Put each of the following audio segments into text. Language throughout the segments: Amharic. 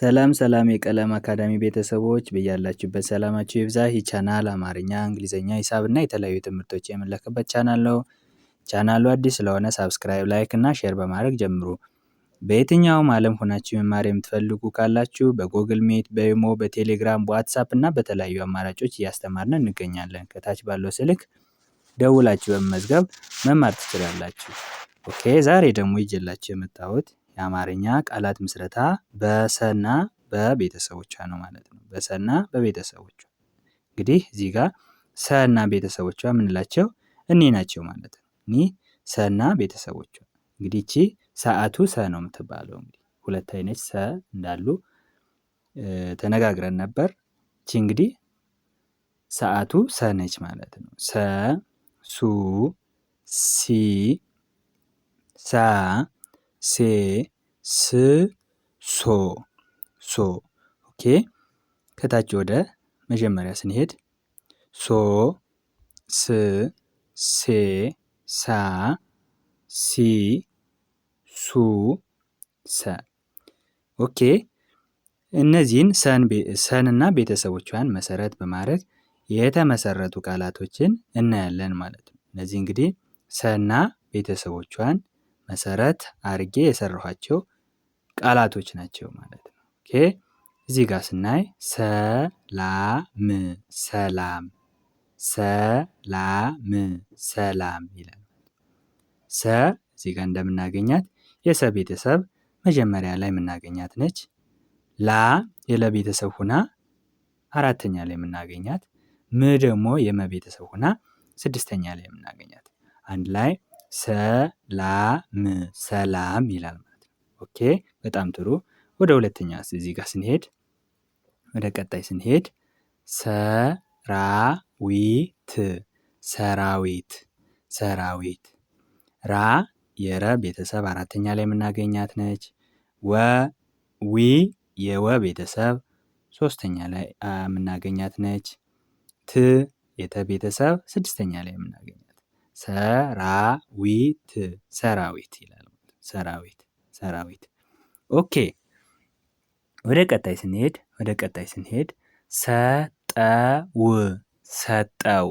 ሰላም ሰላም የቀለም አካዳሚ ቤተሰቦች በያላችሁበት ሰላማችሁ ይብዛ። ይህ ቻናል አማርኛ፣ እንግሊዝኛ፣ እና የተለያዩ ትምህርቶች የምንለቅበት ቻናል ነው። ቻናሉ አዲስ ስለሆነ ሳብስክራይብ፣ ላይክ እና ሼር በማድረግ ጀምሩ። በየትኛውም ዓለም ሆናችሁ መማር የምትፈልጉ ካላችሁ በጎግል ሜት፣ በኢሞ፣ በቴሌግራም፣ በዋትሳፕ እና በተለያዩ አማራጮች እያስተማርን እንገኛለን። ከታች ባለው ስልክ ደውላችሁ በመመዝገብ መማር ትችላላችሁ። ኦኬ ዛሬ ደግሞ ይዤላችሁ የመጣሁት የአማርኛ ቃላት ምስረታ በሰና በቤተሰቦቿ ነው ማለት ነው። በሰና በቤተሰቦቿ እንግዲህ እዚህ ጋር ሰና ቤተሰቦቿ የምንላቸው እኔ ናቸው ማለት ነው። እኔ ሰና ቤተሰቦቿ እንግዲህ እቺ ሰዓቱ ሰ ነው የምትባለው። እንግዲህ ሁለት አይነት ሰ እንዳሉ ተነጋግረን ነበር። እቺ እንግዲህ ሰዓቱ ሰ ነች ማለት ነው። ሰ ሱ ሲ ሳ ሴ ስ ሶ ሶ ኦኬ። ከታች ወደ መጀመሪያ ስንሄድ ሶ ስ ሴ ሳ ሲ ሱ ሰ ኦኬ። እነዚህን ሰንና ቤተሰቦቿን መሰረት በማድረግ የተመሰረቱ ቃላቶችን እናያለን ማለት ነው። እነዚህ እንግዲህ ሰና ቤተሰቦቿን መሰረት አርጌ የሰራኋቸው ቃላቶች ናቸው ማለት ነው። ኦኬ እዚህ ጋር ስናይ ሰላም ሰላም ሰላም ሰላም ይላል። ሰ እዚህ ጋር እንደምናገኛት የሰ ቤተሰብ መጀመሪያ ላይ የምናገኛት ነች። ላ የለ ቤተሰብ ሁና አራተኛ ላይ የምናገኛት ም ደግሞ የመ ቤተሰብ ሁና ስድስተኛ ላይ የምናገኛት አንድ ላይ ሰላም ሰላም ይላል ማለት ነው። ኦኬ በጣም ጥሩ። ወደ ሁለተኛ እዚህ ጋር ስንሄድ ወደ ቀጣይ ስንሄድ ሰራዊት ሰራዊት ሰራዊት ራ የረ ቤተሰብ አራተኛ ላይ የምናገኛት ነች። ወ ዊ የወ ቤተሰብ ሶስተኛ ላይ የምናገኛት ነች። ት የተ ቤተሰብ ስድስተኛ ላይ የምናገኛት ሰራዊት ሰራዊት ይላል። ሰራዊት ሰራዊት። ኦኬ ወደ ቀጣይ ስንሄድ ወደ ቀጣይ ስንሄድ ሰጠው ሰጠው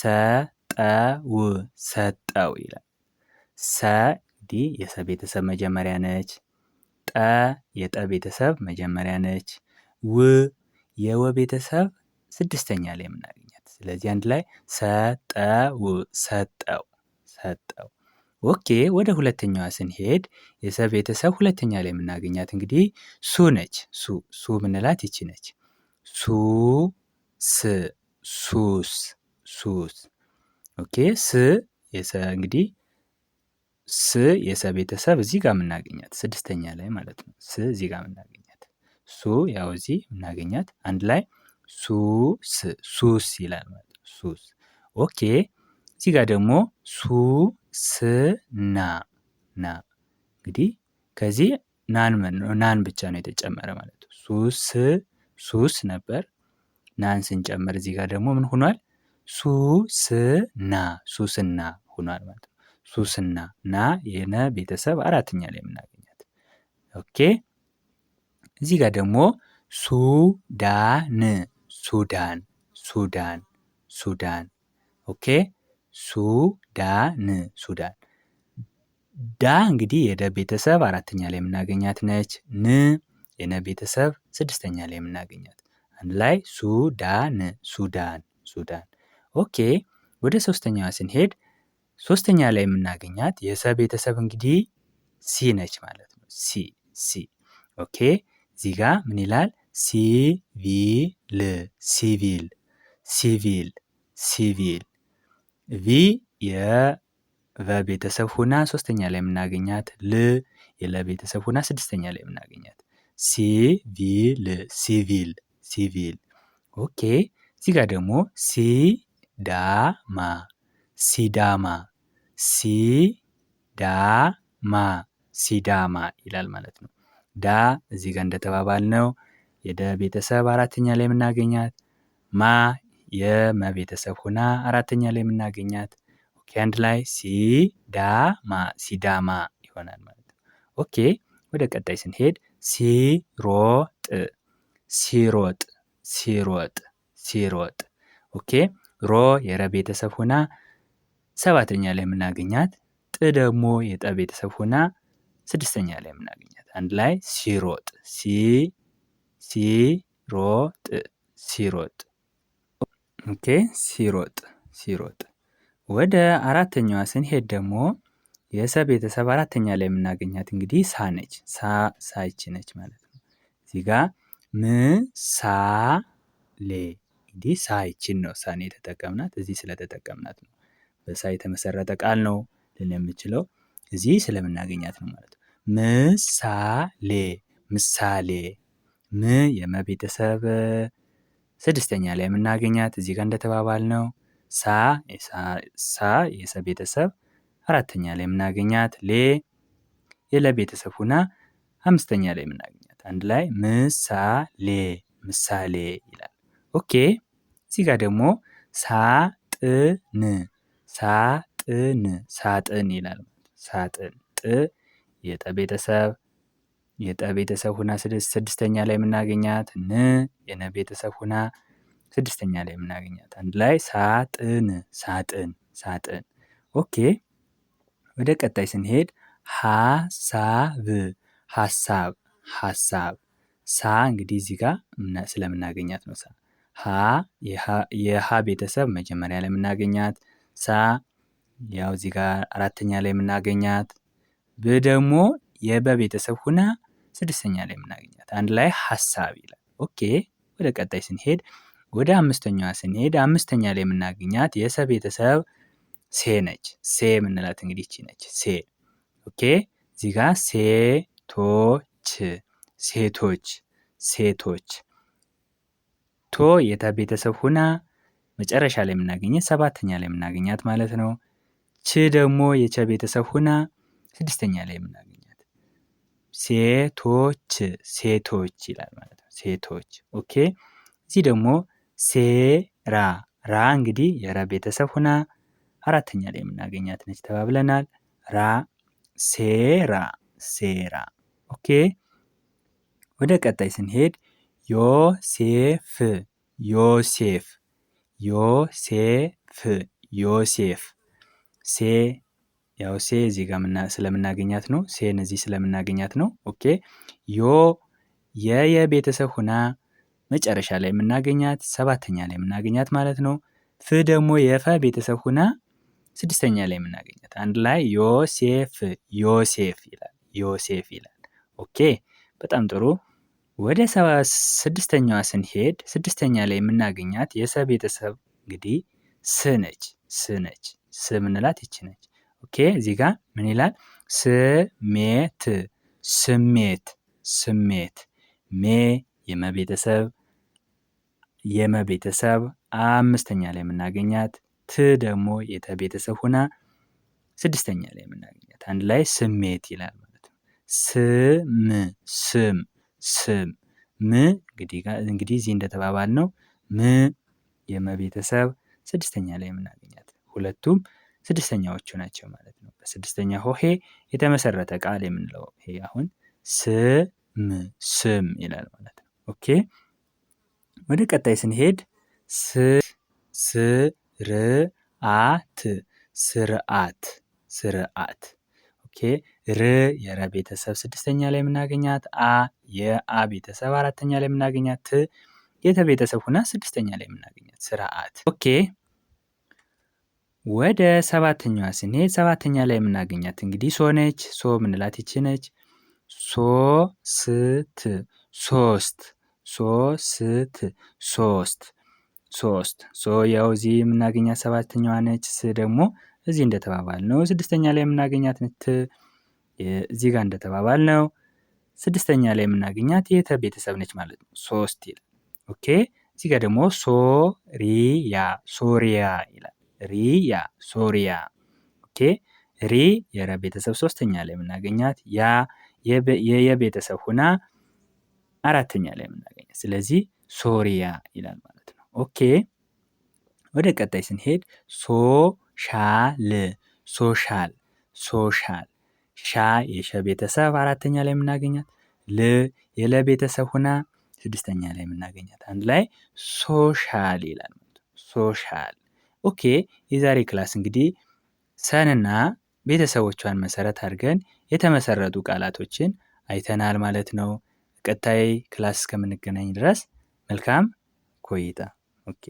ሰጠው ሰጠው ይላል። ሰ ዲ የሰ ቤተሰብ መጀመሪያ ነች። ጠ የጠ ቤተሰብ መጀመሪያ ነች። ው የወ ቤተሰብ ስድስተኛ ላይ የምናገኝ ስለዚህ አንድ ላይ ሰጠው ሰጠው ሰጠው። ኦኬ ወደ ሁለተኛዋ ስንሄድ የሰ ቤተሰብ ሁለተኛ ላይ የምናገኛት እንግዲህ ሱ ነች። ሱ ሱ ምንላት ይቺ ነች። ሱ ስ ሱስ ሱስ። ኦኬ ስ የሰ እንግዲህ ስ የሰ ቤተሰብ እዚህ ጋር የምናገኛት ስድስተኛ ላይ ማለት ነው። ስ እዚህ ጋር የምናገኛት ሱ ያው እዚህ የምናገኛት አንድ ላይ ሱስ ሱስ ይላል ማለት ነው። ሱስ ኦኬ። እዚህ ጋር ደግሞ ሱስና ና ና እንግዲህ ከዚህ ናን ናን ብቻ ነው የተጨመረ ማለት ነው። ሱስ ሱስ ነበር ናን ስንጨምር እዚህ ጋር ደግሞ ምን ሆኗል? ሱስና ሱስና ሆኗል ማለት ነው። ሱስና ና የነ ቤተሰብ አራተኛ ላይ የምናገኛት ኦኬ። እዚህ ጋር ደግሞ ሱዳን ሱዳን ሱዳን ሱዳን ኦኬ ሱዳን ሱዳን ዳ እንግዲህ የደ ቤተሰብ አራተኛ ላይ የምናገኛት ነች። ን የነ ቤተሰብ ስድስተኛ ላይ የምናገኛት አንድ ላይ ሱዳን ሱዳን ሱዳን። ኦኬ ወደ ሶስተኛዋ ስንሄድ ሶስተኛ ላይ የምናገኛት የሰ ቤተሰብ እንግዲህ ሲ ነች ማለት ነው። ሲ ሲ ኦኬ እዚህ ጋ ምን ይላል? ሲቪል ሲቪል ሲቪል ሲቪል ቪ የበቤተሰብ ሁና ሶስተኛ ላይ የምናገኛት ል የለቤተሰብ ሁና ስድስተኛ ላይ የምናገኛት ሲቪል ሲቪል ሲቪል ኦኬ እዚህ ጋር ደግሞ ሲዳማ ሲዳማ ሲዳማ ሲዳማ ይላል ማለት ነው። ዳ እዚህ ጋር እንደተባባል ነው የደ ቤተሰብ አራተኛ ላይ የምናገኛት ማ የመ ቤተሰብ ሁና አራተኛ ላይ የምናገኛት ኦኬ፣ አንድ ላይ ሲዳማ ሲዳማ ይሆናል ማለት ነው። ኦኬ፣ ወደ ቀጣይ ስንሄድ ሲሮጥ ሲሮጥ ሲሮጥ ሲሮጥ። ኦኬ፣ ሮ የረ ቤተሰብ ሁና ሰባተኛ ላይ የምናገኛት ጥ ደግሞ የጠ ቤተሰብ ሁና ስድስተኛ ላይ የምናገኛት አንድ ላይ ሲሮጥ ሲ ሲሮጥ ሲሮጥ ኦኬ ሲሮጥ ሲሮጥ ወደ አራተኛዋ ስንሄድ ደግሞ የሰ ቤተሰብ አራተኛ ላይ የምናገኛት እንግዲህ ሳ ነች። ሳ ሳይች ነች ማለት ነው። እዚህ ጋ ምሳሌ እንግዲህ ሳይችን ነው ሳኔ የተጠቀምናት እዚህ ስለተጠቀምናት ነው። በሳ የተመሰረተ ቃል ነው ልን የምችለው እዚህ ስለምናገኛት ነው ማለት ነው። ምሳሌ ምሳሌ ም የመቤተሰብ ስድስተኛ ላይ የምናገኛት እዚህ ጋር እንደተባባል ነው። ሳ ሳ የሰ ቤተሰብ አራተኛ ላይ የምናገኛት ሌ የለቤተሰብ ሁና አምስተኛ ላይ የምናገኛት አንድ ላይ ምሳሌ ምሳሌ ይላል። ኦኬ እዚህ ጋር ደግሞ ሳጥን ሳጥን ሳጥን ይላል። ሳጥን ጥ የጠ ቤተሰብ የጠ ቤተሰብ ሁና ስድስተኛ ላይ የምናገኛት ን የነ ቤተሰብ ሁና ስድስተኛ ላይ የምናገኛት አንድ ላይ ሳጥን ሳጥን ሳጥን። ኦኬ ወደ ቀጣይ ስንሄድ ሀሳብ ሀሳብ ሀሳብ ሳ እንግዲህ እዚህ ጋር ስለምናገኛት ነው። ሳ ሀ የሀ ቤተሰብ መጀመሪያ ላይ የምናገኛት ሳ ያው እዚህ ጋር አራተኛ ላይ የምናገኛት ብ ደግሞ የበ ቤተሰብ ሁና ስድስተኛ ላይ የምናገኛት አንድ ላይ ሀሳብ ይላል። ኦኬ ወደ ቀጣይ ስንሄድ ወደ አምስተኛዋ ስንሄድ አምስተኛ ላይ የምናገኛት የሰ ቤተሰብ ሴ ነች። ሴ የምንላት እንግዲህ ይቺ ነች። ሴ ኦኬ እዚህ ጋ ሴቶች ሴቶች ሴቶች ቶ የተ ቤተሰብ ሁና መጨረሻ ላይ የምናገኘት ሰባተኛ ላይ የምናገኛት ማለት ነው። ች ደግሞ የቸ ቤተሰብ ሁና ስድስተኛ ላይ የምናገኘት ሴቶች ሴቶች ይላል ማለት ነው። ሴቶች ኦኬ። እዚህ ደግሞ ሴራ ራ እንግዲህ የራ ቤተሰብ ሆና አራተኛ ላይ የምናገኛት ነች ተባብለናል። ራ ሴራ ሴራ ኦኬ። ወደ ቀጣይ ስንሄድ ዮሴፍ ዮሴፍ ዮሴፍ ዮሴፍ ሴ ያው ሴ እዚህ ጋር ስለምናገኛት ነው። ሴን እዚህ ስለምናገኛት ነው። ኦኬ ዮ የየ ቤተሰብ ሁና መጨረሻ ላይ የምናገኛት ሰባተኛ ላይ የምናገኛት ማለት ነው። ፍ ደግሞ የፈ ቤተሰብ ሁና ስድስተኛ ላይ የምናገኛት አንድ ላይ ዮሴፍ ዮሴፍ ይላል። ዮሴፍ ይላል። ኦኬ በጣም ጥሩ። ወደ ሰባ ስድስተኛዋ ስንሄድ ስድስተኛ ላይ የምናገኛት የሰ ቤተሰብ እንግዲህ ስ ነች። ስ ነች። ስ ምንላት ይች ነች። ኦኬ እዚህ ጋር ምን ይላል? ስሜት ስሜት ስሜት ሜ የመቤተሰብ የመቤተሰብ አምስተኛ ላይ የምናገኛት ት ደግሞ የተቤተሰብ ሁና ስድስተኛ ላይ የምናገኛት አንድ ላይ ስሜት ይላል ማለት ነው። ስም ስም ስም ም እንግዲህ እዚህ እንደተባባል ነው ም የመቤተሰብ ስድስተኛ ላይ የምናገኛት ሁለቱም ስድስተኛዎቹ ናቸው ማለት ነው። በስድስተኛ ሆሄ የተመሰረተ ቃል የምንለው ይሄ አሁን ስም ስም ይላል ማለት ነው። ኦኬ ወደ ቀጣይ ስንሄድ ስርዓት ስርአት ስርዓት ኦኬ ር የረ ቤተሰብ ስድስተኛ ላይ የምናገኛት፣ አ የአ ቤተሰብ አራተኛ ላይ የምናገኛት፣ ት የተ ቤተሰብ ሁና ስድስተኛ ላይ የምናገኛት ስርአት ኦኬ ወደ ሰባተኛዋ ስንሄድ ሰባተኛ ላይ የምናገኛት እንግዲህ ሶ ነች። ሶ ምንላት ይቺ ነች። ሶ ስት ሶስት ሶ ስት ሶስት ሶስት ሶ ያው እዚህ የምናገኛት ሰባተኛዋ ነች። ስ ደግሞ እዚህ እንደተባባል ነው። ስድስተኛ ላይ የምናገኛት ት እዚህ ጋር እንደተባባል ነው። ስድስተኛ ላይ የምናገኛት የተ ቤተሰብ ነች ማለት ነው። ሶስት ይላል። ኦኬ እዚህ ጋር ደግሞ ሶሪያ ሶሪያ ይላል። ሪያ ሶሪያ። ኦኬ ሪ የረ ቤተሰብ ሶስተኛ ላይ የምናገኛት ያ የቤተሰብ ሁና አራተኛ ላይ የምናገኛት ስለዚህ ሶሪያ ይላል ማለት ነው። ኦኬ ወደ ቀጣይ ስንሄድ ሶሻል ሶሻል ሶሻል ሻ የሸ ቤተሰብ አራተኛ ላይ የምናገኛት ል የለ ቤተሰብ ሁና ስድስተኛ ላይ የምናገኛት አንድ ላይ ሶሻል ይላል። ሶሻል ኦኬ የዛሬ ክላስ እንግዲህ ሰንና ቤተሰቦቿን መሰረት አድርገን የተመሰረቱ ቃላቶችን አይተናል ማለት ነው። ቀጣይ ክላስ እስከምንገናኝ ድረስ መልካም ቆይታ። ኦኬ